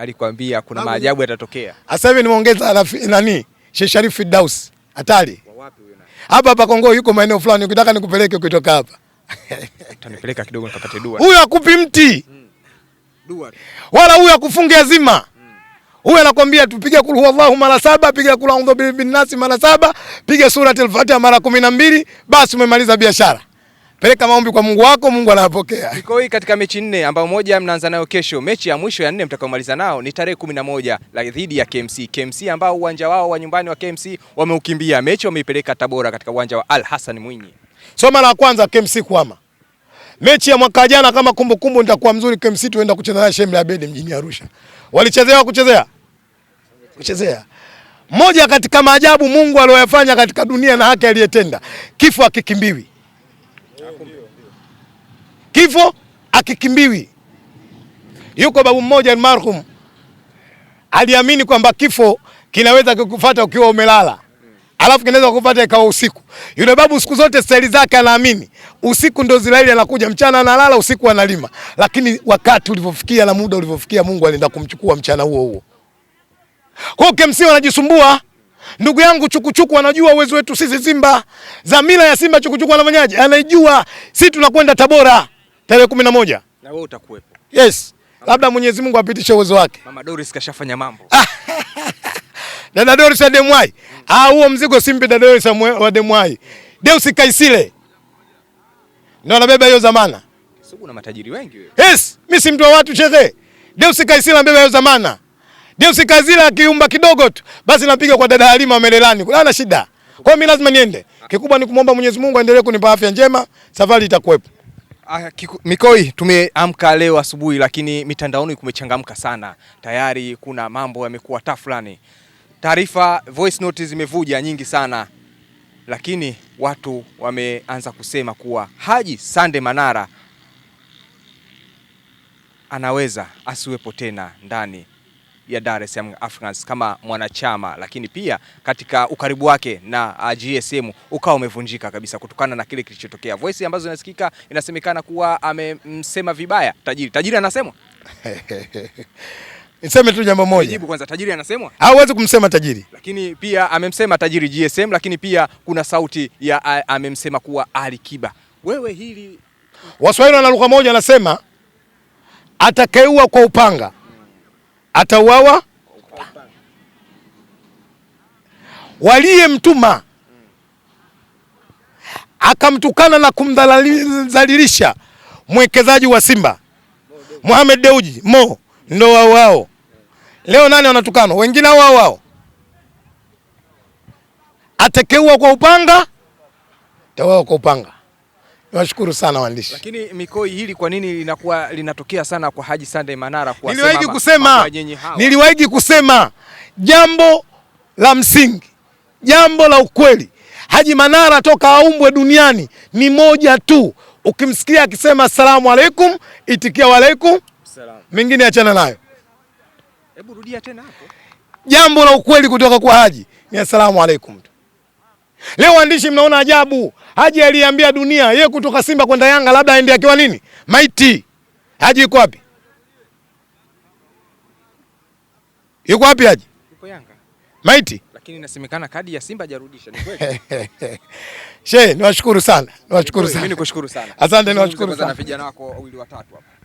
Alikwambia kuna maajabu yatatokea. Sasa hivi nimeongeza nani? Sheikh Sharif Firdaus. hatari. Hapa hapa Kongo yuko maeneo fulani, ukitaka nikupeleke kutoka hapa. Utanipeleka kidogo nikapate dua. Huyo akupi mti. Hmm. Dua. Wala huyo akufunge azima. Huyo hmm. anakwambia tupige kul huwallahu mara saba, piga kul a'udhu bin nasi mara saba, piga surati al-Fatiha mara kumi na mbili, basi umemaliza biashara peleka maombi kwa Mungu wako, Mungu anapokea. Iko hii katika mechi nne ambayo moja mnaanza nayo kesho, mechi ya mwisho ya nne mtakaomaliza nao ni tarehe 11 na dhidi ya KMC. KMC ambao uwanja wao wa nyumbani wa KMC wameukimbia, mechi wameipeleka Tabora katika uwanja wa Al Hassan Mwinyi. mara ya kwanza KMC kuama mechi ya mwaka jana, kama kumbukumbu nitakuwa mzuri, KMC tuenda kucheza na Shemla Abed mjini Arusha, walichezea kuchezea kuchezea moja katika maajabu Mungu aliyoyafanya katika dunia na haki aliyetenda. Kifo hakikimbiwi hivyo akikimbiwi. Yuko babu mmoja almarhum aliamini kwamba kifo kinaweza kukufata ukiwa umelala, alafu kinaweza kukufata ikawa usiku. Yule babu siku zote staili zake anaamini usiku ndo zilaili anakuja, mchana analala, usiku analima. Lakini wakati ulivyofikia na muda ulivyofikia, Mungu alienda kumchukua mchana huo huo. Kwa hiyo KMC wanajisumbua ndugu yangu, chukuchuku anajua uwezo wetu sisi Simba, dhamira ya Simba. Chukuchuku anafanyaje? Anaijua. Sisi tunakwenda Tabora tarehe kumi na moja na wewe utakuwepo. Yes, labda Mwenyezi Mungu apitishe uwezo wake. Mama Doris kashafanya mambo ah. Dada Doris wa Demwai mm. ah, huo mzigo simpi Dada Doris wa Demwai. Mm. Deus Kaisile ndio anabeba hiyo zamana. Sugu na matajiri wengi wewe. Yes, mimi si mtu wa watu shehe. Deus Kaisile anabeba hiyo zamana. Deus Kaisile akiumba kidogo tu basi napiga kwa dada Halima Melelani. Kuna shida. Kwa mimi lazima niende. Ah. Kikubwa ni kumwomba Mwenyezi Mungu aendelee kunipa afya njema, safari itakuwepo. Ah, Mikoi, tumeamka leo asubuhi, lakini mitandaoni kumechangamka sana, tayari kuna mambo yamekuwa tafulani, taarifa voice note zimevuja nyingi sana, lakini watu wameanza kusema kuwa Haji Sande Manara anaweza asiwepo tena ndani ya Dar es Salaam Africans kama mwanachama, lakini pia katika ukaribu wake na ah, GSM ukawa umevunjika kabisa kutokana na kile kilichotokea. Voice ambazo zinasikika inasemekana kuwa amemsema vibaya tajiri. Tajiri anasemwa Niseme tu jambo moja. Jibu kwanza tajiri anasemwa? Hawezi kumsema tajiri. Lakini pia amemsema tajiri GSM, lakini pia kuna sauti ya ah, amemsema kuwa Ali Kiba. Wewe hili Waswahili wana lugha moja anasema atakayeua kwa upanga atauawa waliyemtuma akamtukana na kumdhalilisha mwekezaji wa Simba Mohamed Deuji Mo, ndo wao wao. Leo nani wanatukanwa? Wengine wao wao, atekeua kwa upanga, tawao kwa upanga. Nashukuru sana waandishi. Lakini Mikoi, hili kwa nini linakuwa linatokea sana kwa Haji Sunday Manara? Kwa niliwahi kusema, niliwahi kusema jambo la msingi, jambo la ukweli. Haji Manara toka aumbwe duniani ni moja tu, ukimsikia akisema asalamu alaikum, itikia waalaikum salaam, mengine achana nayo. Hebu rudia tena hapo, jambo la ukweli kutoka kwa Haji ni asalamu alaikum tu. Leo waandishi, mnaona ajabu. Haji aliambia dunia ye kutoka Simba kwenda Yanga labda aende akiwa nini maiti. Haji yuko wapi? Yuko wapi Haji? Yuko Yanga maiti, lakini inasemekana kadi ya Simba hajarudisha. Ni kweli? She, niwashukuru sana, niwashukuru sana, mimi nikushukuru sana, asante, niwashukuru sana vijana wako wawili watatu hapa.